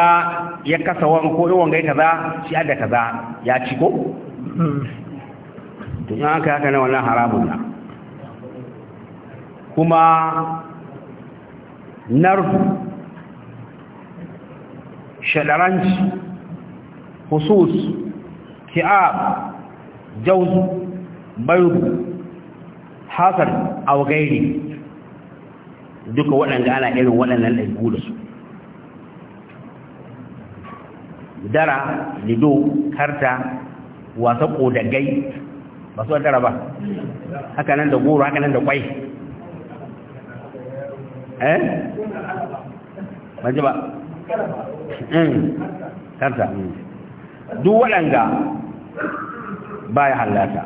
ya kasa wani ko in wanga ya kaza shi adda kaza ya ci ko? Hmm. to in an ka haka na wannan haramun na kuma narfu shadaranci husus ki'ab jauz bayru hasar aw gairi duka waɗanda ana irin waɗannan ɗaiɓu da su dara lido karta wasa ƙodagai ba su dara ba haka nan da goro haka nan da ƙwai eh mm. karta mm. duk waɗanda ba ya hallata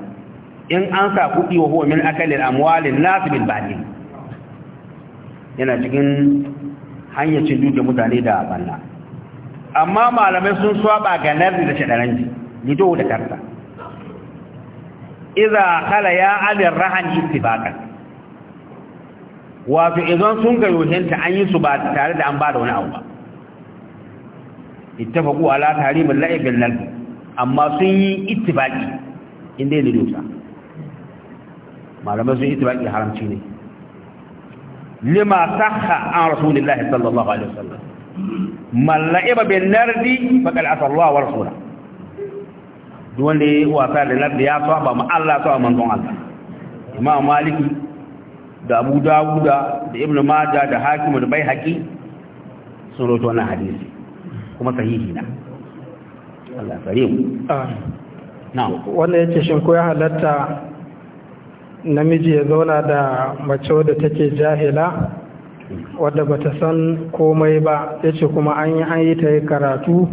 in an sa kuɗi wa huwa min akalin amwalin nasu bil baɗi yana cikin hanyar cin da mutane da banna amma malamai sun swaba ga nari da shaɗaranji lido da karta iza kala ya alin rahan ittifaqan wato idan sun ga yohinta an yi su ba tare da an ba da wani abu ba ittafaqu ala tahrimil la'ibil lal amma sun yi ittibaqi inda ne dosa malamai sun yi ittibaqi haramci ne lima sahha an rasulillahi sallallahu alaihi wasallam man la'iba bin nardi faqad asa Allah wa rasulahu duk wanda ya wasa da nardi ya saba ma Allah saba manzon Allah imam maliki da abu dawuda da ibn maja da hakimu da bai haƙi sun roto wannan hadisi kuma sahihi na Allah tsare wanda ya ce shin ko ya halatta namiji ya zauna da mace wadda take jahila wadda ba ta san komai ba ya ce kuma an yi an yi ta yi karatu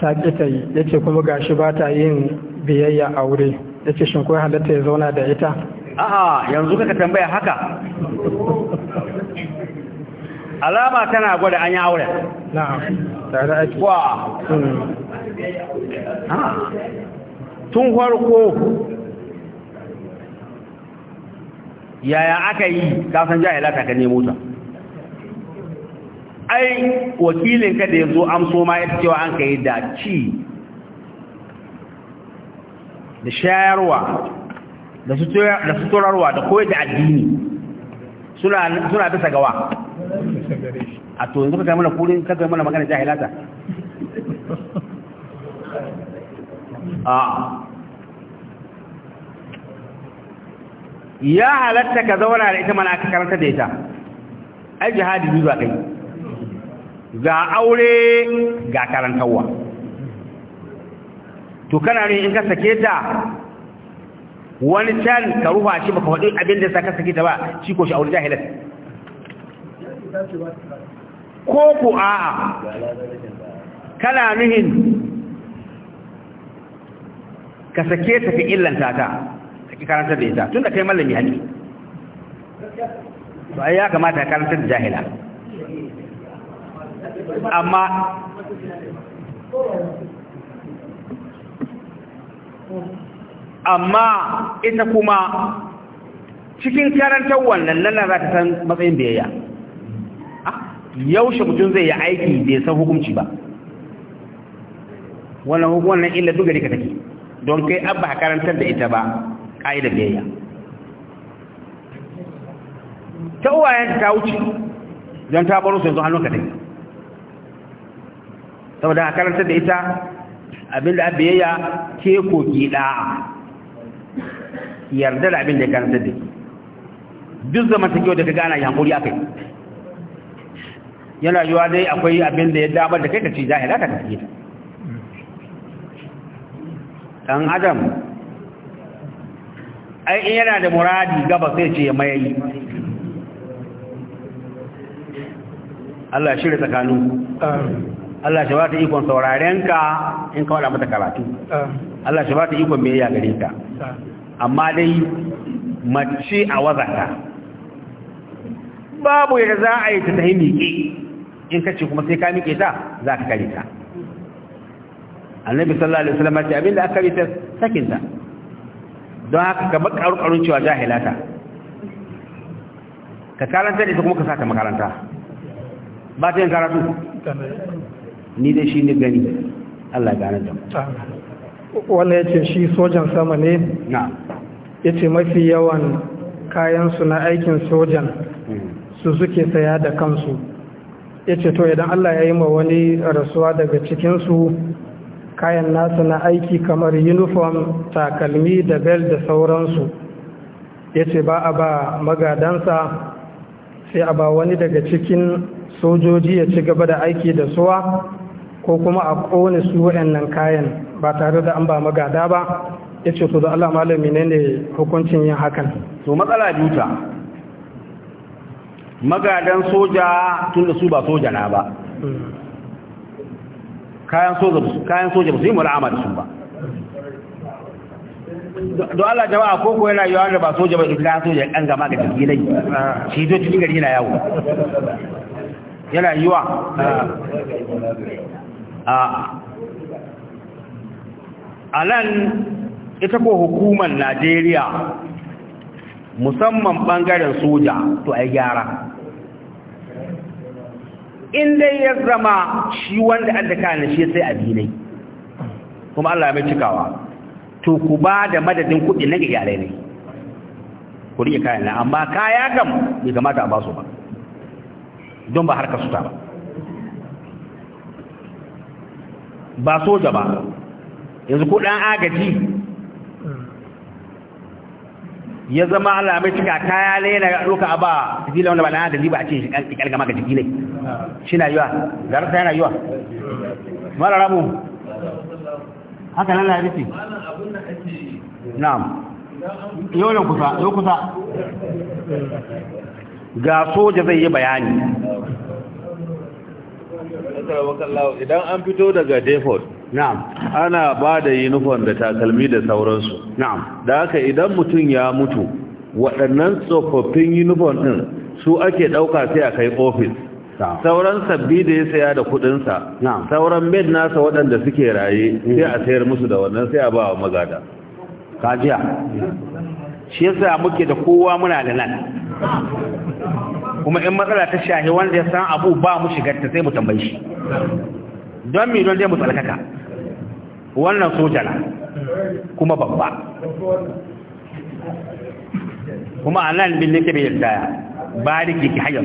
ta ƙi ta yi ya ce kuma gashi ba ta yin biyayya aure ya ce shin ko ya halatta ya zauna da ita a'a yanzu kaka tambaya haka alama tana gwada an yi aure hmm. ah. tun farko yaya aka yi kasan jahilata ka nemo ta ai wakilin ka da ya zo amso ma ya cewa an ka yi da ci da shayarwa da suturarwa da koyar da addini suna bisa gawa a to yanzu kai mana kurin kai mana magana jahilata a ya halatta ka zauna da ita mana aka karanta da ita ai jihadi biyu ba kai ga aure ga karantarwa to kana ne in ka sake ta wani can ka rufa shi baka faɗi abin da saka sake ta ba shi ko shi aure jahilat ko ku a'a kana nuhin ka sake ta ka illanta ta saki karanta da ita tun tunda kai mallami hali to ai ya kamata ka karanta da jahila amma Thank amma ita kuma cikin karantar wannan nan za ta san matsayin biyayya ah, yaushe mutum zai yi aiki bai san hukunci ba wannan hukunan illa duka ne ka take don kai abba karantar da ita ba da biyayya ta uwayen ta wuce don ta baro su yanzu hannun ka take saboda karantar da ita abinda abiyayya ke koki gida. yarda da abin da ya karantar da duk zaman take da kaga ana yi hankuri akai yana yiwa dai akwai abin da ya damar da kai ka ce jahila ka tafi ɗan adam ai in yana da muradi gaba sai ce ya mayayi Allah shirya tsakanu Allah shi ba ta ikon saurarenka in ka da mata karatu Allah shi ba ta ikon biyayya gare ka amma dai mace a wazata babu yadda za a yi ta ta yi miƙe in ka ce kuma sai ka miƙe ta za ka kare ta annabi sallallahu alaihi wasallam ce abinda aka kare ta sakinta don haka ka bar karukarun cewa jahilata ka karanta ita kuma ka saka makaranta ba ta yin karatu ni dai shi ne gani Allah ya gane da mu wanda ya ce shi sojan sama ne ya ce mafi yawan kayansu na aikin sojan hmm. su suke saya da kansu ya ce to idan Allah ya yi ma wani rasuwa daga cikinsu kayan nasu na aiki kamar uniform takalmi da bel da sauransu ya ce ba a ba magadansa sai a ba wani daga cikin sojoji ya ci gaba da aiki da suwa ko kuma a kone su waɗannan kayan ba tare da an ba magada ba ya ce su da Allah malami ne ne hukuncin yin hakan to matsala juta magadan soja tun da su ba soja na ba kayan soja ba su yi mul'ama da su ba don Allah jama'a ko ko yana yawa da ba soja ba in ka soja ɗan gama ga nai shi zo cikin gari yana yawo yana yiwa ah. ah. a ita ko hukumar najeriya musamman ɓangaren soja to a gyara in dai ya zama shi wanda an da kayan shi sai abinai kuma allah mai cikawa to ku ba da madadin kuɗi na iyalai ne ku riƙe kayan na. amma kaya kam bai kamata a ba su ba don ba harkar su ta ba ba soja ba yanzu ko ɗan agaji ya zama Allah mai cika kaya ne na ɗauka ba jila wanda ba na da ba a ce shi ƙarƙama ga jiki ne shi na yiwa garanta yana yiwa mara rabu haka nan na rufi na'am yau ne kusa yau kusa ga soja zai yi bayani idan an fito daga depot na'am ana ba da uniform da takalmi da sauransu na'am da haka idan mutum ya mutu waɗannan tsofaffin uniform din su ake ɗauka sai a kai ofis sauran sabbi da ya saya da kuɗinsa sauran med nasa waɗanda suke raye mm. sai a sayar musu da wannan sai a ba wa magada kajiya shi yasa muke da kowa muna da nan kuma in matsala ta shahi wanda ya san abu ba mu shigar ta sai mu tambaye shi don mi don dai musu alkaka wannan soja na kuma babba kuma a nan bin nake bai daya ba da ke ki hanyar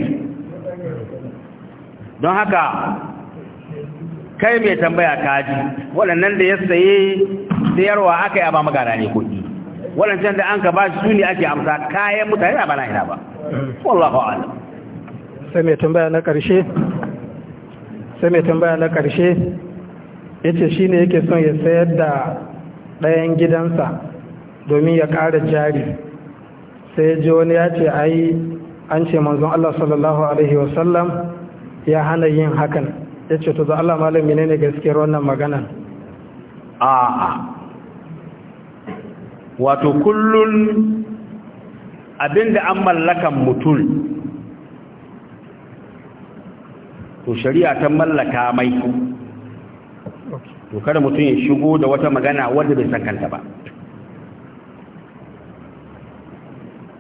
don haka kai mai tambaya kaji waɗannan da ya saye sayarwa aka yi a ba magana ne kuɗi waɗancan da an ka ba su ne ake amsa kayan mutane na bana ina ba wallahu ala sai mai tambaya na ƙarshe sai mai tambaya na ƙarshe ya ce shi ne yake son ya sayar da ɗayan gidansa domin ya ƙara jari sai ya ji wani ya ce ai an ce manzon Allah sallallahu Alaihi wasallam ya hana yin hakan ya ce to za Allah malami ne ne gaskiyar wannan maganan a wato kullun abinda an mallakan mutum to shari'a ta mallaka mai to kada mutum ya shigo da wata magana wadda bai san kanta ba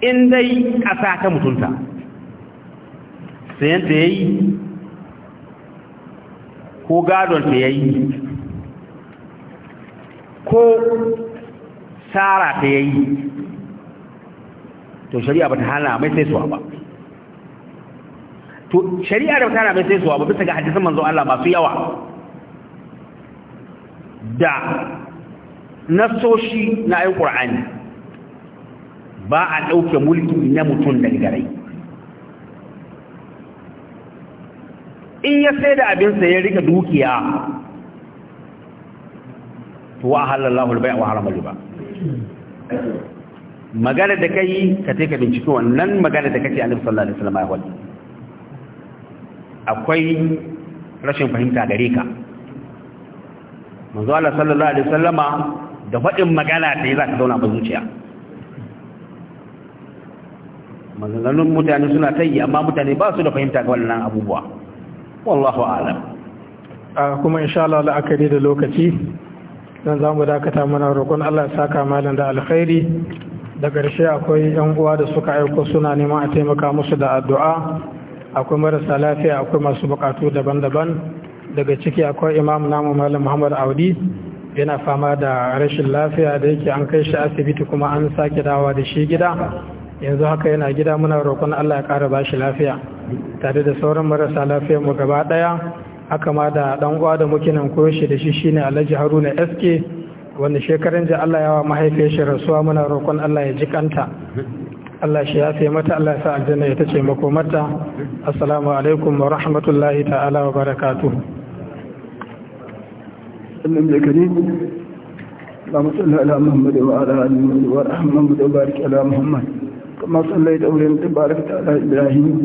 in dai ƙasa ta mutunta sayan ta yayi ko gadon ta yayi ko tsara ta yayi to shari'a ba ta hana mai sai suwa ba to shari'a da tana mai sai suwa ba bisa ga hadisin manzo Allah masu yawa da nasoshi na ayin Qur'ani ba a dauke mulki na mutum da garai in ya sai da abinsa ya rika dukiya to wa halallahu albay' wa haramul riba magana da kai ka take bincike wannan magana da kake annabi sallallahu alaihi wasallam ya wadi akwai rashin fahimta gare ka manzo Allah sallallahu alaihi wasallama da fadin magana da ya zaka zauna ba zuciya maganganun mutane suna tayi amma mutane ba su da fahimta ga wannan abubuwa wallahu a'lam kuma insha Allah la'akari da lokaci dan za mu dakata mana roƙon Allah ya saka malan da alkhairi da ƙarshe akwai yan uwa da suka aika suna neman a taimaka musu da addu'a akwai marasa lafiya akwai masu bukatu daban-daban daga ciki akwai imam namu malam muhammad audi yana fama da rashin lafiya da yake an kai shi asibiti kuma an sake dawa da shi gida yanzu haka yana gida muna roƙon allah ya ƙara bashi lafiya tare da sauran marasa lafiya mu gaba ɗaya haka ma da ɗan uwa da muke nan koyo shi da shi shine alhaji haruna sk wanda shekaran ji allah ya yawa mahaifiyar shi rasuwa muna roƙon allah ya ji kanta Allah shi ya sai mata Allah sa aljanna ya tace mako mata assalamu alaikum wa rahmatullahi ta'ala wa barakatuh sallam da kare wa rahmatullahi wa ala Muhammad Ibrahim